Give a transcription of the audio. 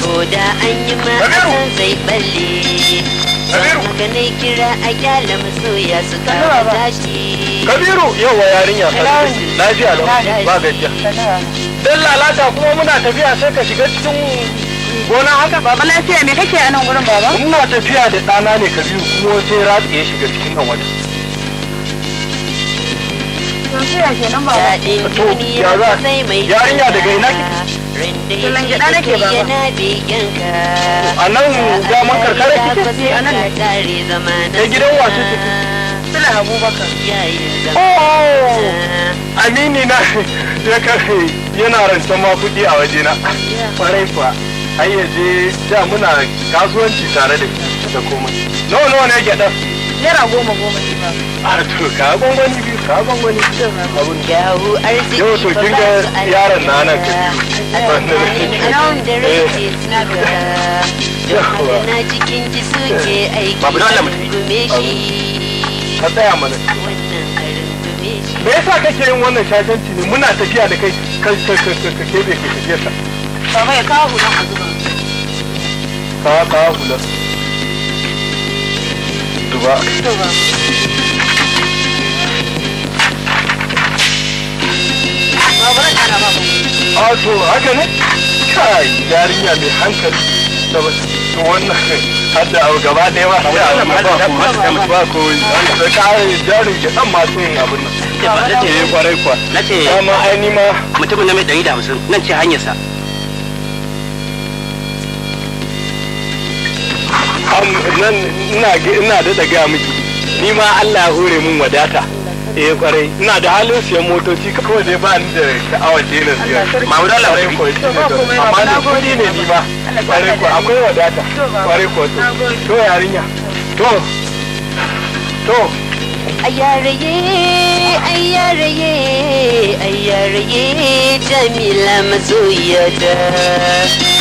ko da an yi ma'aza zai balle maka ne kira a kyala soya su kawo tashi kabiru yau wa yarinya lafiya da ba gajiya don lalata kuma muna tafiya sai ka shiga cikin gona haka baba lafiya me kake a nan gurin baba muna tafiya da ɗana ne kabiru kuma sai ratsi ya shiga cikin nan wani Yarinya daga ina Tullan gyaɗa nake A nan mun karkara kike? A nan ne. Da gidan wasu kike? Sula Abubakar. Oh! Amini na ya kare yana rancen ma kuɗi a wajena. Kwarai kuwa. Ai ya je da muna kasuwanci tare da da komai. Nawa nawa ne gyaɗa? Naira goma goma ne ba. A to ka gwangwani biyu ka gwangwani biyu. Abun. Yau to kin ga yaron na nan Around the rage na gaba Don na cikin ji suke aiki Rungume shi Ka tsaya mana Wannan ka rungume shi Me yasa kake yin wannan shashanci ne muna tafiya da kai ka kai ka tafiyar ka Baba zuba a to haka ne kai yarinya mai hankali da ba su wannan har da abu gaba da yawa ya ba ko ba ko da kai jarin ki dan masu yin abin nan ce ne eh kwarai kwa nace ma aini ma mutumin na mai hamsin nan ce hanyar sa nan ina ina da daga miki ni ma Allah ya hore mun wadata eh kwarai ina da halin siyan motoci kawai dai ba ni da sha'awar daina siyan mamu da labarai ko shi ne don amma na gode ne ni ba kwarai ko akwai wadata kwarai ko to to yarinya to to ayyaraye ayyaraye ayyaraye jamila masoyata